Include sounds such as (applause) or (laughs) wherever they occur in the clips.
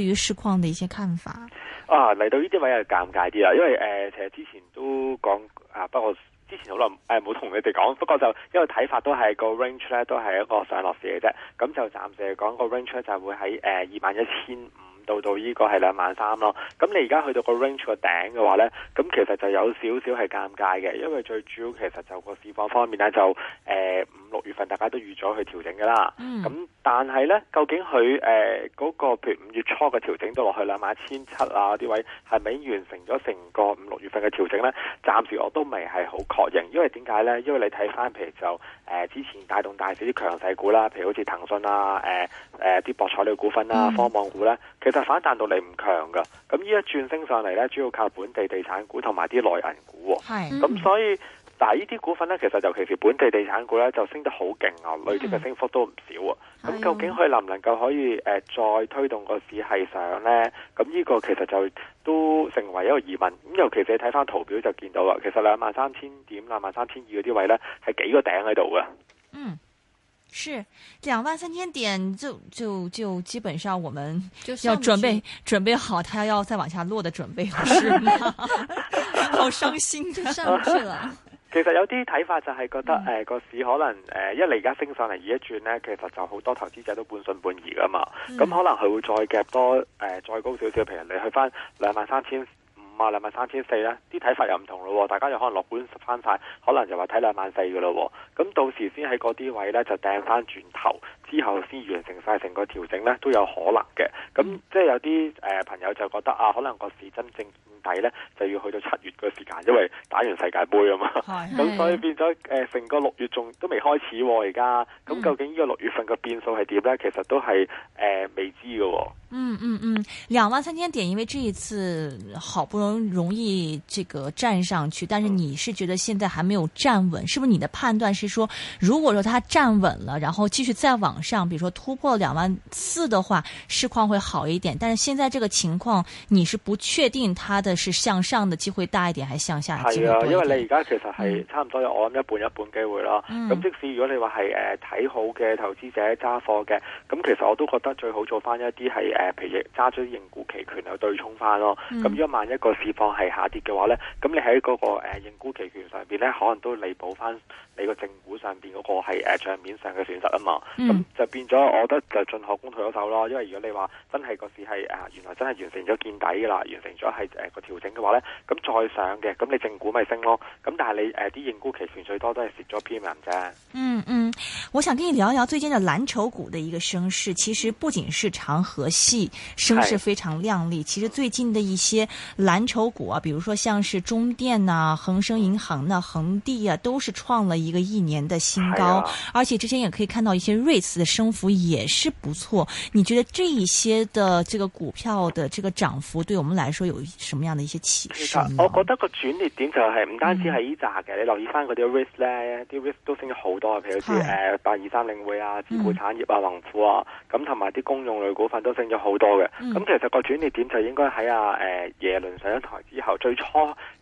對於市況的一些看法啊，嚟到呢啲位係尷尬啲啊，因為誒、呃、其實之前都講啊，不過之前好耐誒冇同你哋講，不過就因為睇法都係個 range 咧都係一個上落市嘅啫，咁就暫時講個 range 咧就會喺誒二萬一千五，呃 21, 到到依個係兩萬三咯，咁你而家去到個 range 個頂嘅話呢，咁其實就有少少係尷尬嘅，因為最主要其實就個市況方面呢，就誒五六月份大家都預咗去調整嘅啦。咁、嗯、但係呢，究竟佢誒嗰個譬如五月初嘅調整到落去兩萬一千七啊啲位，係咪已經完成咗成個五六月份嘅調整呢？暫時我都未係好確認，因為點解呢？因為你睇翻譬如就。誒、呃，之前帶動大市啲強勢股啦，譬如好似騰訊啊，誒誒啲博彩類股份啦、啊，嗯、科網股咧，其實反彈到你唔強噶。咁依一轉升上嚟咧，主要靠本地地產股同埋啲內銀股、喔。係、嗯，咁所以，嗱，呢啲股份咧，其實尤其是本地地產股咧，就升得好勁啊，累積嘅升幅都唔少啊。咁究竟佢能唔能夠可以誒、呃、再推動個市係上咧？咁呢個其實就。都成為一個疑問，咁尤其是睇返圖表就見到啦。其實兩萬三千點、兩萬三千二嗰啲位呢，係幾個頂喺度嘅。嗯，是兩萬三千點就就就基本上我們要準備就準備好，它要再往下落的準備，是嗎？ (laughs) (laughs) 好傷心，就上去了。 (laughs) 其實有啲睇法就係覺得，誒個、嗯呃、市可能，誒一嚟而家升上嚟而一轉呢，其實就好多投資者都半信半疑噶嘛。咁、嗯、可能佢會再夾多，誒、呃、再高少少，譬如你去翻兩萬三千五啊，兩萬三千四啦，啲睇法又唔同咯。大家又可能落本拾翻曬，可能就話睇兩萬四喇咯。咁到時先喺嗰啲位呢，就掟翻轉頭。之後先完成晒成個調整呢，都有可能嘅。咁、嗯、即係有啲、呃、朋友就覺得啊，可能個市真正見底呢，就要去到七月嘅時間，嗯、因為打完世界盃啊嘛。咁所以變咗成、呃、個六月仲都未開始喎、哦，而家咁究竟呢個六月份嘅變數係點呢？其實都係誒、呃、未知嘅、哦嗯。嗯嗯嗯，兩萬三千點，因為這一次好不容易容易這個，站上去，但是你是覺得現在還沒有站穩，嗯、是不是？你的判斷是說，如果說他站穩了，然後繼續再往。上，比如說突破兩萬四的話，市況會好一點。但係現在這個情況，你是不確定它的是向上的機會大一點，還是向下一點？係啊，因為你而家其實係差唔多有我諗一半一半機會咯。咁、嗯、即使如果你話係誒睇好嘅投資者揸貨嘅，咁其實我都覺得最好做翻一啲係誒譬如揸咗啲認股期權去對沖翻咯。咁、嗯、如果萬一個市況係下跌嘅話咧，咁你喺嗰、那個誒認股期權上邊咧，可能都彌補翻你個正股上邊嗰個係誒賬面上嘅損失啊嘛。嗯就變咗，我覺得就進可攻退可守咯。因為如果你話真係個市係、啊、原來真係完成咗見底噶啦，完成咗係誒個調整嘅話咧，咁再上嘅，咁你正股咪升咯。咁但係你啲認沽期權最多都係蝕咗 premium 啫。嗯嗯，我想跟你聊一聊最近嘅藍籌股嘅一個升勢。其實不僅是長和系升勢非常亮麗，是其實最近的一些藍籌股啊，比如說像是中電啊、恒生銀行啊、恒地啊，都是創了一個一年的新高。啊、而且之前也可以看到一些瑞慈。升幅也是不錯，你覺得這一些的這個股票的這個漲幅，對我們來說有什麼樣的一些啟示？我覺得個轉捩點就係唔單止係呢扎嘅，嗯、你留意翻嗰啲 risk 咧，啲、嗯、risk 都升咗好多。譬如好似誒八二三領匯啊、置富產業啊、泓、嗯、富啊，咁同埋啲公用類股份都升咗好多嘅。咁、嗯嗯、其實個轉捩點就應該喺啊誒、呃、耶倫上咗台之後，最初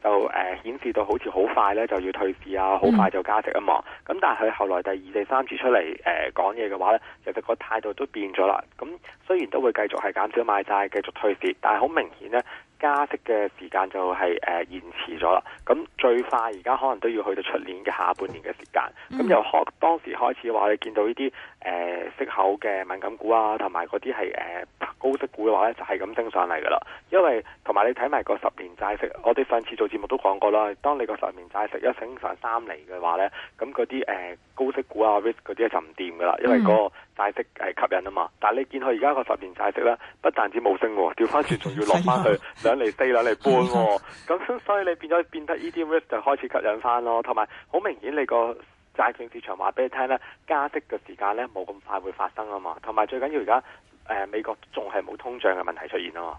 就誒、呃、顯示到好似好快咧就要退市啊，好快就加息啊嘛。咁、嗯、但係佢後來第二、第三次出嚟誒、呃、講嘢咁。話咧，其實個態度都變咗啦。咁雖然都會繼續係減少買債，繼續退市，但係好明顯咧。加息嘅時間就係、是、誒、呃、延遲咗啦，咁最快而家可能都要去到出年嘅下半年嘅時間。咁由學當時開始嘅話，你見到呢啲誒息口嘅敏感股啊，同埋嗰啲係誒高息股嘅話咧，就係、是、咁升上嚟噶啦。因為同埋你睇埋個十年債息，我哋上次做節目都講過啦。當你個十年債息一升上三厘嘅話咧，咁嗰啲誒高息股啊、risk 嗰啲就唔掂噶啦，因為嗰、那個嗯債息係吸引啊嘛，但你見佢而家個十年債息咧，不但止冇升喎，調翻轉仲要落翻去兩厘四、兩厘半喎，咁 (laughs) (laughs) 所以你變咗變得 e 啲 risk 就開始吸引翻咯，同埋好明顯你個債券市場話俾你聽咧，加息嘅時間咧冇咁快會發生啊嘛，同埋最緊要而家、呃、美國仲係冇通脹嘅問題出現啊嘛。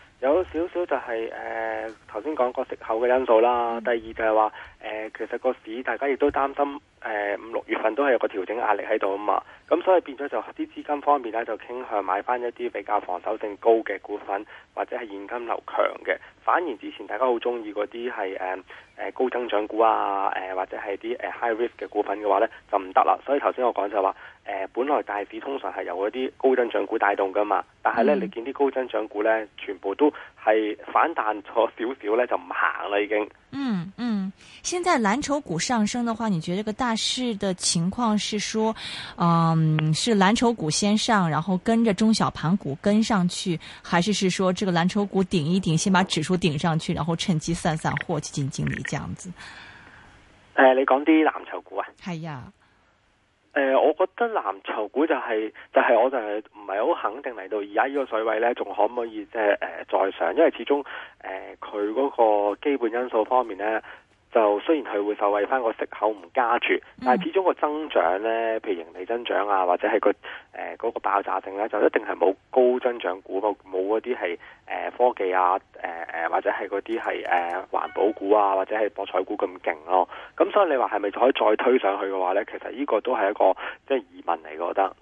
有少少就係誒頭先講個食口嘅因素啦，嗯、第二就係話誒其實個市大家亦都擔心誒五六月份都係有個調整壓力喺度啊嘛，咁所以變咗就啲資金方面咧就傾向買翻一啲比較防守性高嘅股份，或者係現金流強嘅，反而之前大家好中意嗰啲係誒高增長股啊，呃、或者係啲、呃、high risk 嘅股份嘅話咧就唔得啦，所以頭先我講就係話。誒、呃，本來大市通常係由一啲高增長股帶動噶嘛，但係呢、嗯、你見啲高增長股呢全部都係反彈咗少少咧，就唔行啦已經嗯。嗯嗯，現在藍籌股上升的話，你覺得這個大勢的情況是說，嗯，是藍籌股先上，然後跟着中小盤股跟上去，還是是說，這個藍籌股頂一頂，先把指數頂上去，然後趁機散散貨，進進嚟，這樣子？誒、呃，你講啲藍籌股啊？係、哎、呀誒、呃，我覺得藍籌股就係、是、就係、是，我就係唔係好肯定嚟到而家呢個水位咧，仲可唔可以即係誒再上？因為始終誒佢嗰個基本因素方面咧。就雖然佢會受惠翻個息口唔加住，但係始終個增長咧，譬如盈利增長啊，或者係個誒、呃那個爆炸性咧，就一定係冇高增長股冇嗰啲係誒科技啊，誒、呃、誒或者係嗰啲係誒環保股啊或者係博彩股咁勁咯。咁所以你話係咪可以再推上去嘅話咧，其實呢個都係一個即係、就是、疑問嚟，我覺得。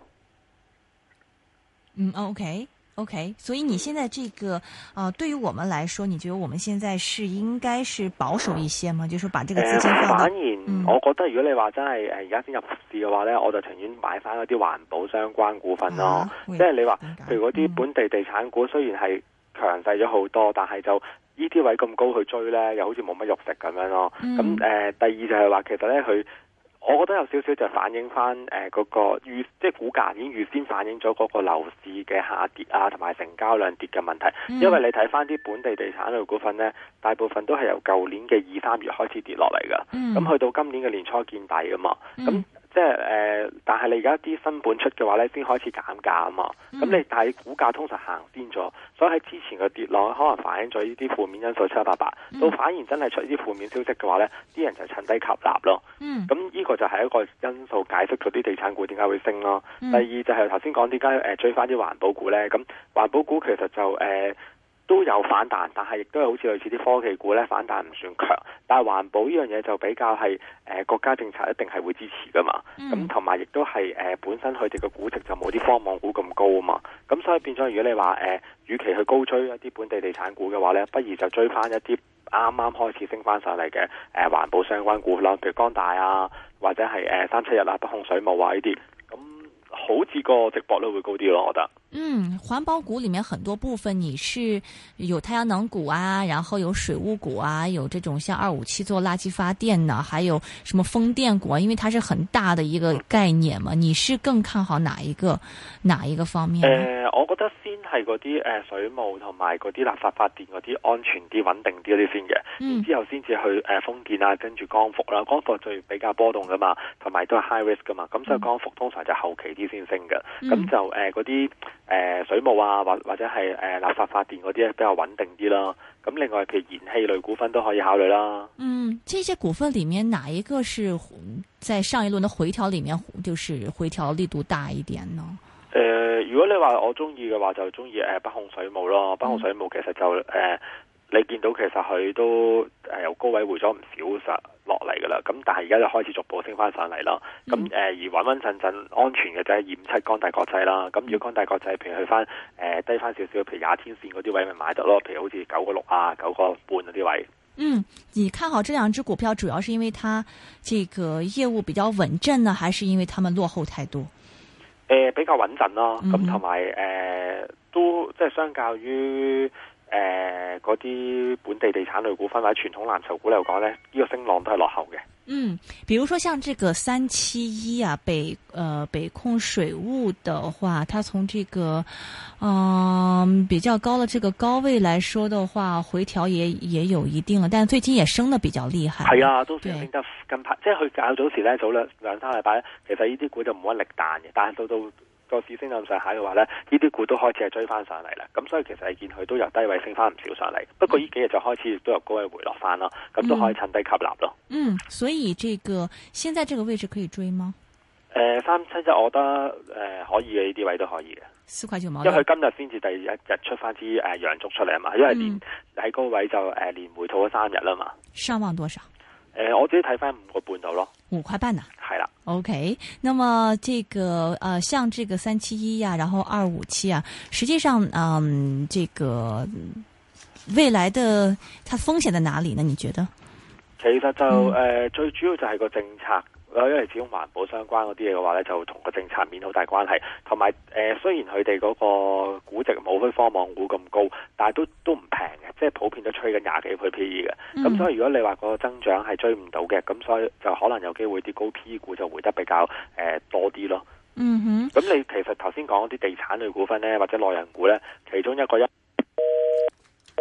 嗯、mm,，OK。O、okay, K，所以你現在這個，啊、呃，對於我們來說，你覺得我們現在是應該是保守一些嗎？嗯、就是把這個資金放好到，呃呃、反而嗯，我覺得如果你話真係誒而家先入市嘅話咧，我就情願買翻一啲環保相關股份咯。啊、即係你話，譬如嗰啲本地地產股，雖然係強勢咗好多，嗯、但係就呢啲位咁高去追咧，又好似冇乜肉食咁樣咯。咁誒、嗯呃，第二就係話，其實咧佢。我覺得有少少就反映翻誒嗰個即係股價已經預先反映咗嗰個樓市嘅下跌啊，同埋成交量跌嘅問題。嗯、因為你睇翻啲本地地產類股份呢，大部分都係由舊年嘅二三月開始跌落嚟噶，咁、嗯、去到今年嘅年初見底噶嘛，咁。嗯即係誒，但係你而家啲新盤出嘅話咧，先開始減價啊嘛。咁你、嗯、但係股價通常行先咗，所以喺之前嘅跌落，可能反映咗呢啲負面因素七七八八。到反而真係出呢啲負面消息嘅話咧，啲人就趁低吸納咯。咁呢、嗯、個就係一個因素解釋嗰啲地產股點解會升咯。嗯、第二就係頭先講點解誒追翻啲環保股咧？咁環保股其實就誒。呃都有反彈，但係亦都係好似類似啲科技股呢，反彈唔算強，但係環保呢樣嘢就比較係誒、呃、國家政策一定係會支持噶嘛，咁同埋亦都係誒本身佢哋嘅估值就冇啲科網股咁高啊嘛，咁所以變咗如果你話誒、呃，與其去高追一啲本地地產股嘅話呢，不如就追翻一啲啱啱開始升翻上嚟嘅誒環保相關股啦，譬如光大啊，或者係、呃、三七日啊、北控水務啊呢啲，咁好似個值博率會高啲咯，我覺得。嗯，環保股裡面很多部分，你是有太陽能股啊，然後有水務股啊，有這種像二五七做垃圾發電呢，還有什麼風電股？啊。因為它是很大的一個概念嘛。你是更看好哪一個？哪一個方面、啊？誒、呃，我覺得先係嗰啲誒水務同埋嗰啲垃圾發電嗰啲安全啲、穩定啲嗰啲先嘅，嗯、然之後先至去誒風電、呃、啊，跟住光伏啦，光伏最比較波動噶嘛，同埋都係 high risk 噶嘛。咁、嗯啊、所以光伏通常就後期啲先升嘅，咁、嗯、就誒嗰啲。呃那些誒、呃，水務啊，或或者係誒，垃、呃、圾發電嗰啲比較穩定啲啦。咁另外，譬如燃氣類股份都可以考慮啦。嗯，這些股份裏面哪一個是在上一輪的回調裏面，就是回調力度大一點呢？誒、呃，如果你說我喜歡的話我中意嘅話，就中意誒北控水務咯。北控水務、嗯、其實就誒、呃，你見到其實佢都誒、呃、由高位回咗唔少實。落嚟噶啦，咁但係而家就開始逐步升翻上嚟啦。咁誒、嗯、而，而穩穩陣陣安全嘅就係二五七光大國際啦。咁如果光大國際譬如去翻誒、呃、低翻少少，譬如亞天線嗰啲位咪買得咯。譬如好似九個六啊，九個半嗰啲位。嗯，你看好這兩隻股票，主要是因為它這個業務比較穩陣呢，還是因為它們落後太多？誒、呃，比較穩陣咯。咁同埋誒，都即係相較於。誒，嗰啲、呃、本地地產類股份，或者傳統藍籌股嚟講咧，呢、這個升浪都係落後嘅。嗯，比如說像這個三七一啊，北，呃，北控水務的話，它從這個，嗯、呃，比較高的這個高位來說的話，回調也也有一定了，但係最近也升得比較厲害。係啊，都升得近排，對即係佢較早時咧，早兩兩三禮拜，其實呢啲股就冇乜力彈嘅，但係到到。都個市升咁上下嘅話咧，呢啲股都開始係追翻上嚟啦。咁所以其實係見佢都由低位升翻唔少上嚟。不過呢幾日就開始亦都由高位回落翻啦。咁都可以趁低吸納咯。嗯，所以呢、這個現在這個位置可以追嗎？誒、呃，三七一，我覺得誒、呃、可以嘅呢啲位都可以嘅。四塊九毛。因為佢今日先至第一日出翻支誒陽燭出嚟啊嘛，因為連喺、嗯、高位就誒、呃、連回吐咗三日啦嘛。上望多少？誒、呃，我自己睇翻五個半就咯，五塊半啊，係啦了。OK，那麼這個，誒、呃，像這個三七一啊，然後二五七啊，實際上，嗯，這個未來的，它風險在哪裏呢？你覺得？其實就誒、嗯呃，最主要就係個政策。因為始終環保相關嗰啲嘢嘅話咧，就同個政策面好大關係。同埋誒，雖然佢哋嗰個估值冇虛科網股咁高，但係都都唔平嘅，即係普遍都吹緊廿幾倍 P E 嘅。咁、嗯、所以如果你話個增長係追唔到嘅，咁所以就可能有機會啲高 P 股就回得比較誒、呃、多啲咯。嗯哼。咁你其實頭先講啲地產類股份咧，或者內銀股咧，其中一個一。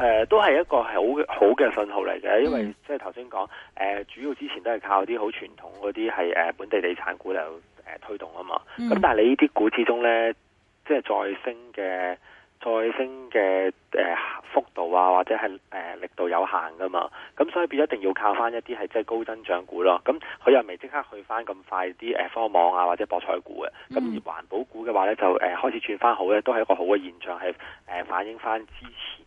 誒、呃，都係一個係好好嘅信號嚟嘅，因為即係頭先講，誒、呃、主要之前都係靠啲好傳統嗰啲係誒本地地產股嚟誒、呃、推動啊嘛。咁、嗯、但係你這些呢啲股之中咧，即係再升嘅再升嘅誒、呃、幅度啊，或者係誒、呃、力度有限噶嘛。咁所以變一定要靠翻一啲係即係高增長股咯。咁佢又未即刻去翻咁快啲誒、呃、科網啊或者博彩股嘅。咁、嗯、而環保股嘅話咧就誒、呃、開始轉翻好咧，都係一個好嘅現象，係誒、呃、反映翻之前。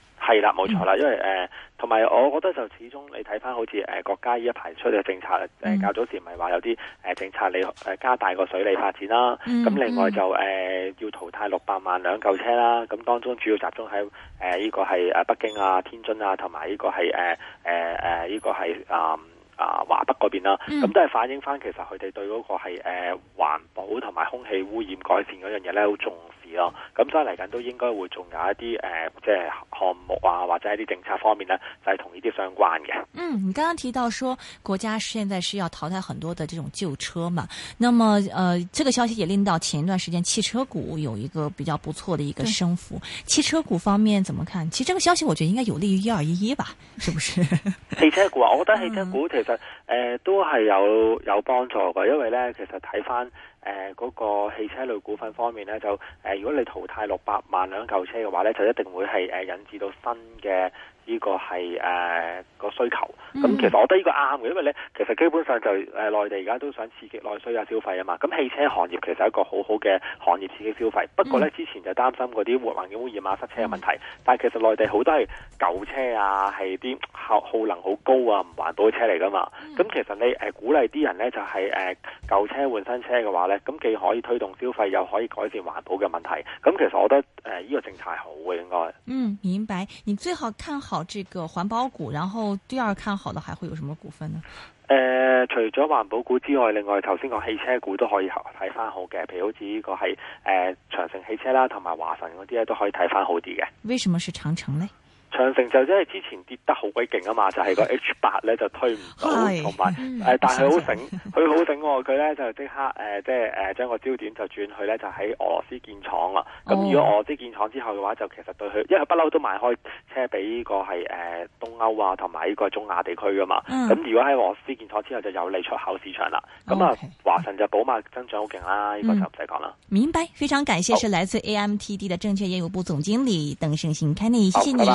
係啦，冇錯啦，因為誒，同、呃、埋我覺得就始終你睇翻好似誒、呃、國家呢一排出嘅政策，誒、呃、較早時唔係話有啲誒、呃、政策你，你誒加大個水利發展啦，咁、嗯嗯、另外就誒、呃、要淘汰六百萬輛舊車啦，咁當中主要集中喺誒呢個係誒北京啊、天津啊，同埋呢個係誒誒誒呢個係啊。呃這個啊，華北嗰邊啦，咁都係反映翻其實佢哋對嗰個係誒環保同埋空氣污染改善嗰樣嘢咧好重視咯，咁所以嚟緊都應該會仲有一啲誒即係項目啊，或者一啲政策方面呢，就係同呢啲相關嘅。嗯，你剛剛提到說國家現在需要淘汰很多的這種舊車嘛，那麼呃，這個消息也令到前一段時間汽車股有一個比較不錯的一個升幅，對汽車股方面怎麼看？其實呢個消息我覺得應該有利於一二一一吧，是不是？ (laughs) 汽車股，啊，我覺得汽車股其實、嗯。其實誒、呃、都係有有幫助嘅，因為咧，其實睇翻。誒嗰、呃那個汽車類股份方面咧，就、呃、如果你淘汰六百萬輛舊車嘅話咧，就一定會係、呃、引致到新嘅呢個係誒、呃、個需求。咁、嗯、其實我覺得呢個啱嘅，因為咧其實基本上就內、呃、地而家都想刺激內需啊消費啊嘛。咁汽車行業其實係一個好好嘅行業刺激消費。不過咧、嗯、之前就擔心嗰啲環環境污染啊、塞車嘅問題。嗯、但其實內地好多係舊車啊，係啲耗耗能好高啊、唔環保嘅車嚟㗎嘛。咁、嗯、其實你誒、呃、鼓勵啲人咧就係、是、舊、呃、車換新車嘅話咁既可以推動消費，又可以改善環保嘅問題。咁其實我覺得誒，呢個政策係好嘅，應該。嗯，明白。你最好看好這個環保股，然後第二看好的還會有什麼股份呢？誒、呃，除咗環保股之外，另外頭先個汽車股都可以睇翻好嘅，譬如好似呢個係誒、呃、長城汽車啦，同埋華晨嗰啲咧都可以睇翻好啲嘅。為什麼是長城呢？長城就因為之前跌得好鬼勁啊嘛，就係個 H 八咧就推唔到，同埋但係好醒。佢好醒喎，佢咧就即刻即係誒將個焦點就轉去咧就喺俄羅斯建廠啦。咁如果俄羅斯建廠之後嘅話，就其實對佢，因為不嬲都賣開車俾個係誒東歐啊，同埋呢個中亞地區噶嘛。咁如果喺俄羅斯建廠之後就有利出口市場啦。咁啊，華晨就寶馬增長好勁啦，呢個就唔使講啦。明白，非常感謝，是來自 AMTD 嘅證券業務部總經理鄧聲興，謝謝你。